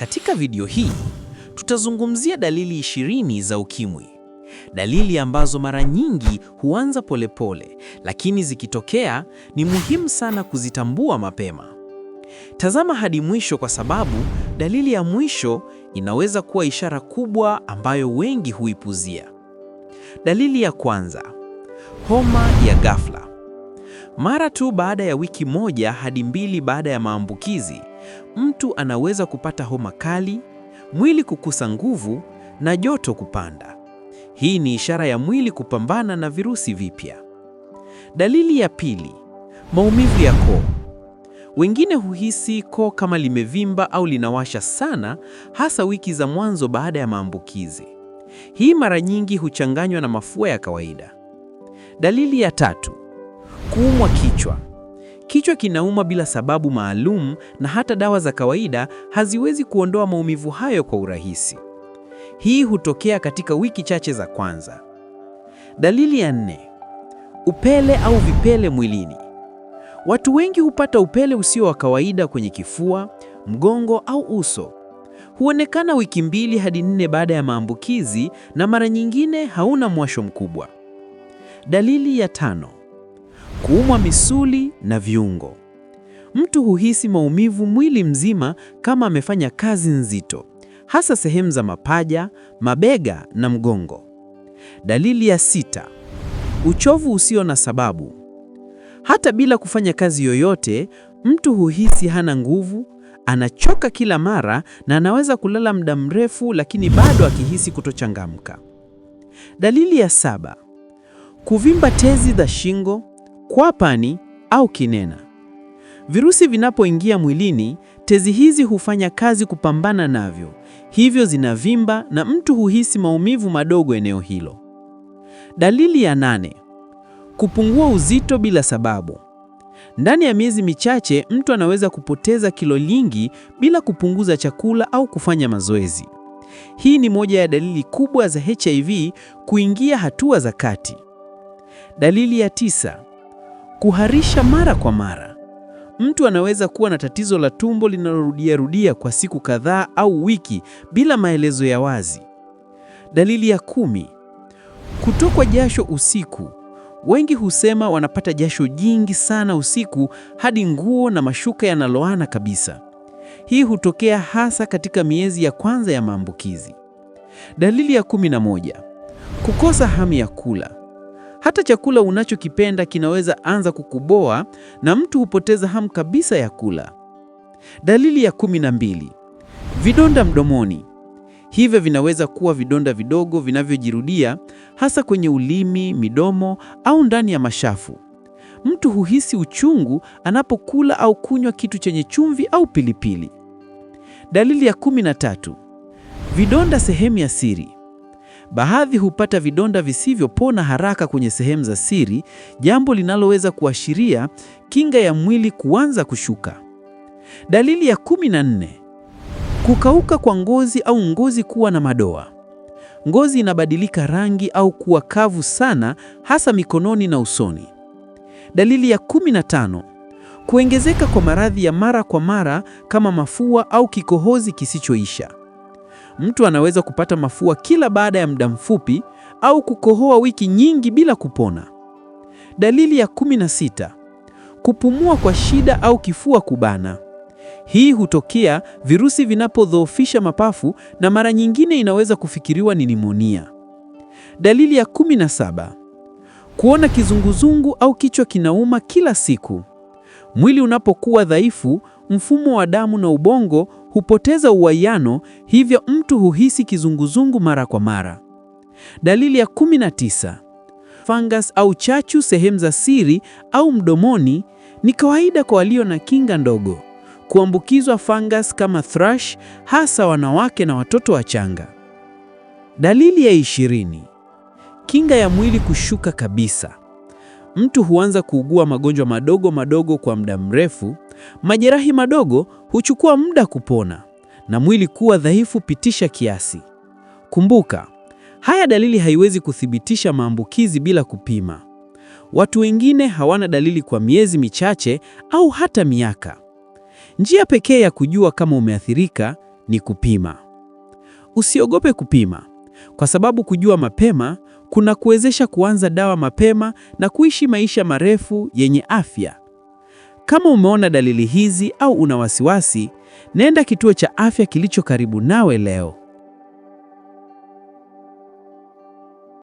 Katika video hii tutazungumzia dalili ishirini za UKIMWI, dalili ambazo mara nyingi huanza polepole, lakini zikitokea ni muhimu sana kuzitambua mapema. Tazama hadi mwisho kwa sababu dalili ya mwisho inaweza kuwa ishara kubwa ambayo wengi huipuzia. Dalili ya kwanza, homa ya ghafla. Mara tu baada ya wiki moja hadi mbili baada ya maambukizi, mtu anaweza kupata homa kali, mwili kukusa nguvu na joto kupanda. Hii ni ishara ya mwili kupambana na virusi vipya. Dalili ya pili, maumivu ya koo. Wengine huhisi koo kama limevimba au linawasha sana, hasa wiki za mwanzo baada ya maambukizi. Hii mara nyingi huchanganywa na mafua ya kawaida. Dalili ya tatu, kuumwa kichwa. Kichwa kinauma bila sababu maalum na hata dawa za kawaida haziwezi kuondoa maumivu hayo kwa urahisi. Hii hutokea katika wiki chache za kwanza. Dalili ya nne, upele au vipele mwilini. Watu wengi hupata upele usio wa kawaida kwenye kifua, mgongo au uso. Huonekana wiki mbili hadi nne baada ya maambukizi na mara nyingine hauna mwasho mkubwa. Dalili ya tano, kuumwa misuli na viungo. Mtu huhisi maumivu mwili mzima kama amefanya kazi nzito, hasa sehemu za mapaja, mabega na mgongo. Dalili ya sita: uchovu usio na sababu. Hata bila kufanya kazi yoyote, mtu huhisi hana nguvu, anachoka kila mara na anaweza kulala muda mrefu, lakini bado akihisi kutochangamka. Dalili ya saba: kuvimba tezi za shingo, kwapani au kinena. Virusi vinapoingia mwilini, tezi hizi hufanya kazi kupambana navyo, hivyo zinavimba na mtu huhisi maumivu madogo eneo hilo. Dalili ya nane: kupungua uzito bila sababu. Ndani ya miezi michache mtu anaweza kupoteza kilo nyingi bila kupunguza chakula au kufanya mazoezi. Hii ni moja ya dalili kubwa za HIV kuingia hatua za kati. Dalili ya tisa: Kuharisha mara kwa mara. Mtu anaweza kuwa na tatizo la tumbo linalorudia rudia kwa siku kadhaa au wiki bila maelezo ya wazi. Dalili ya kumi: kutokwa jasho usiku. Wengi husema wanapata jasho jingi sana usiku hadi nguo na mashuka yanaloana kabisa. Hii hutokea hasa katika miezi ya kwanza ya maambukizi. Dalili ya kumi na moja: kukosa hamu ya kula. Hata chakula unachokipenda kinaweza anza kukuboa na mtu hupoteza hamu kabisa ya kula. Dalili ya kumi na mbili: vidonda mdomoni. Hivyo vinaweza kuwa vidonda vidogo vinavyojirudia hasa kwenye ulimi, midomo au ndani ya mashafu. Mtu huhisi uchungu anapokula au kunywa kitu chenye chumvi au pilipili. Dalili ya kumi na tatu: vidonda sehemu ya siri. Baadhi hupata vidonda visivyopona haraka kwenye sehemu za siri, jambo linaloweza kuashiria kinga ya mwili kuanza kushuka. Dalili ya kumi na nne kukauka kwa ngozi au ngozi kuwa na madoa. Ngozi inabadilika rangi au kuwa kavu sana, hasa mikononi na usoni. Dalili ya tano kuongezeka kwa maradhi ya mara kwa mara kama mafua au kikohozi kisichoisha. Mtu anaweza kupata mafua kila baada ya muda mfupi au kukohoa wiki nyingi bila kupona. Dalili ya sita kupumua kwa shida au kifua kubana. Hii hutokea virusi vinapodhoofisha mapafu na mara nyingine inaweza kufikiriwa ni nimonia. Dalili ya saba kuona kizunguzungu au kichwa kinauma kila siku. Mwili unapokuwa dhaifu, mfumo wa damu na ubongo hupoteza uwiano, hivyo mtu huhisi kizunguzungu mara kwa mara. Dalili ya 19: fungus au chachu sehemu za siri au mdomoni. Ni kawaida kwa walio na kinga ndogo kuambukizwa fungus kama thrush, hasa wanawake na watoto wachanga. Dalili ya 20: kinga ya mwili kushuka kabisa. Mtu huanza kuugua magonjwa madogo madogo kwa muda mrefu, Majeraha madogo huchukua muda kupona na mwili kuwa dhaifu pitisha kiasi. Kumbuka, haya dalili haiwezi kuthibitisha maambukizi bila kupima. Watu wengine hawana dalili kwa miezi michache au hata miaka. Njia pekee ya kujua kama umeathirika ni kupima. Usiogope kupima, kwa sababu kujua mapema kuna kuwezesha kuanza dawa mapema na kuishi maisha marefu yenye afya. Kama umeona dalili hizi au una wasiwasi, nenda kituo cha afya kilicho karibu nawe leo.